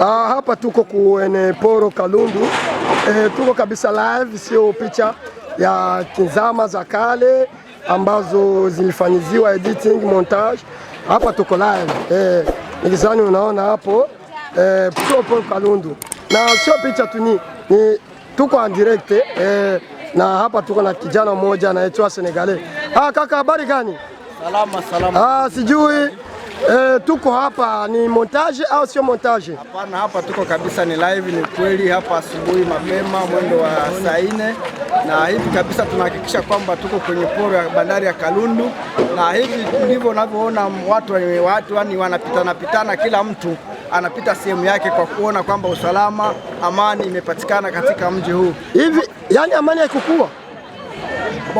Ah, hapa tuko kwenye Poro Kalundu e, tuko kabisa live, sio picha ya kizama za kale ambazo zilifanyiziwa editing montage. Hapa tuko live e, nikizani unaona hapo e, Poro Kalundu na sio picha tu, ni tuko en direct e, na hapa tuko na kijana mmoja anaitwa Senegalese. Ah, kaka habari gani? Salama, salama. Ah, sijui Eh, tuko hapa ni montage au sio montage? Hapana, hapa tuko kabisa ni live, ni kweli hapa asubuhi mapema mwendo wa saa nne na hivi kabisa tunahakikisha kwamba tuko kwenye poro ya bandari ya Kalundu, na hivi ndivyo unavyoona watu ni watu yani wanapitana pitana, kila mtu anapita sehemu yake kwa kuona kwamba usalama, amani imepatikana katika mji huu hivi, yani amani haikukua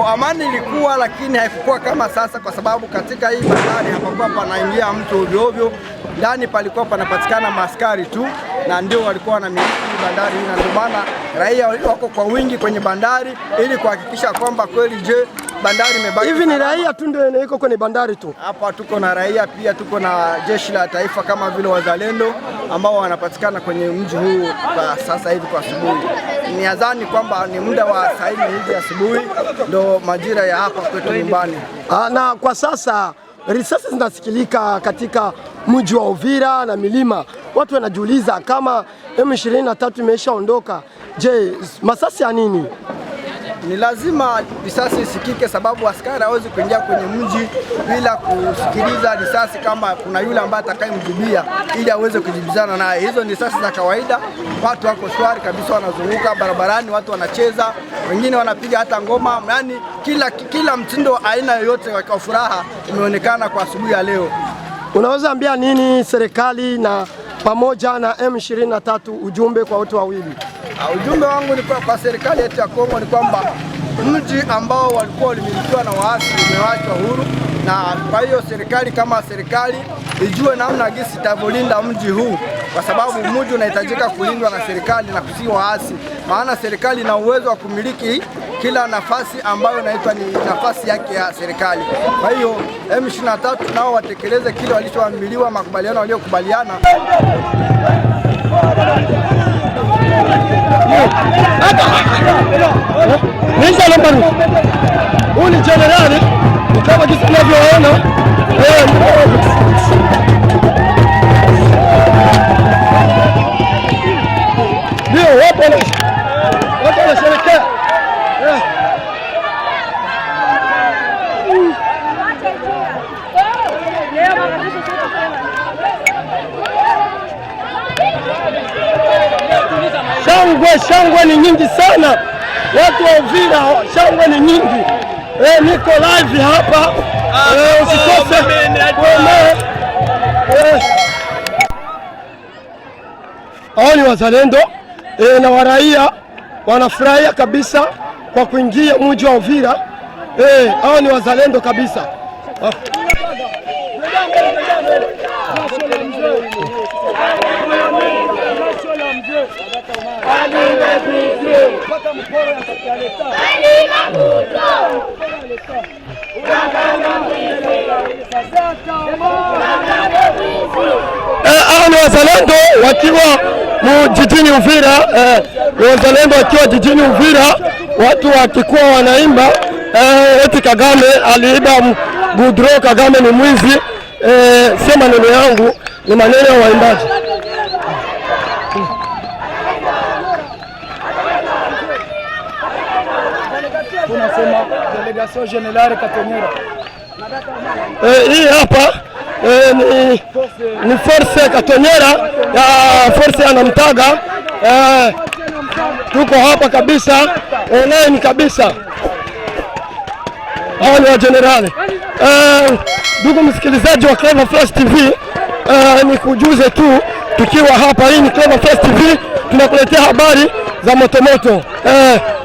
Amani ilikuwa lakini haikukuwa kama sasa, kwa sababu katika hii bandari hapakuwa panaingia mtu ovyoovyo. Ndani palikuwa panapatikana maskari tu, na ndio walikuwa wanamiliki bandari hii, na ndio maana raia wako kwa wingi kwenye bandari ili kuhakikisha kwamba kweli je bandari imebaki. Hivi ni raia tu ndio iko kwenye bandari tu? Hapa tuko na raia pia, tuko na jeshi la taifa kama vile wazalendo ambao wanapatikana kwenye mji huu kwa sasa hivi kwa asubuhi. Niadhani kwamba ni muda wa saa nne hivi asubuhi ndo majira ya hapa kwetu nyumbani. Ah, na kwa sasa risasi zinasikilika katika mji wa Uvira na milima. Watu wanajiuliza kama M23 imeshaondoka, je, masasi ya nini? ni lazima risasi isikike, sababu askari hawezi kuingia kwenye mji bila kusikiliza risasi kama kuna yule ambaye atakayemjibia ili aweze kujibizana naye. Hizo ni risasi za kawaida. Watu wako shwari kabisa, wanazunguka barabarani, watu wanacheza, wengine wanapiga hata ngoma, yaani kila, kila mtindo aina yoyote wa furaha umeonekana kwa asubuhi ya leo. Unaweza ambia nini serikali na pamoja na M23 ujumbe kwa watu wawili? Ah, ujumbe wangu ni kwa serikali yetu ya Kongo ni kwamba mji ambao walikuwa walimilikiwa na waasi umewachwa huru, na kwa hiyo serikali kama serikali ijue namna gisi itavyolinda mji huu, kwa sababu mji unahitajika kulindwa na serikali na kusi waasi, maana serikali ina uwezo wa kumiliki kila nafasi ambayo inaitwa ni nafasi yake ya serikali. Kwa hiyo M23 nao watekeleze kile walichoamiliwa, makubaliano waliokubaliana kama jinsi mnavyoona eh, ndio wapo watu wanasherekea. Shangwe, shangwe ni nyingi sana, watu wa Uvira, shangwe ni nyingi. Eh, niko live hapa, ah, eh, usikose eh, eh. hao ni wazalendo eh, na waraia wanafurahia kabisa kwa kuingia mji wa Uvira. Hao ni wazalendo kabisa ah. Eh, Hao ni wazalendo wakiwa jijini Uvira, eh, ni wazalendo wakiwa jijini Uvira, watu wakikuwa wanaimba eh, eti Kagame aliiba gudro, Kagame ni mwizi. Sio maneno yangu, ni maneno ya waimbaji. tunasema delegation generale Katonera Eh, hii hapa eh, ni, ni force Katonyera ya force ya Namtaga eh, tuko hapa kabisa online kabisa. Hawa ni wajenerali ndugu msikilizaji wa Clever Flash TV ni kujuze tu tukiwa hapa. Hii ni Clever Flash TV tunakuletea habari za motomoto -moto.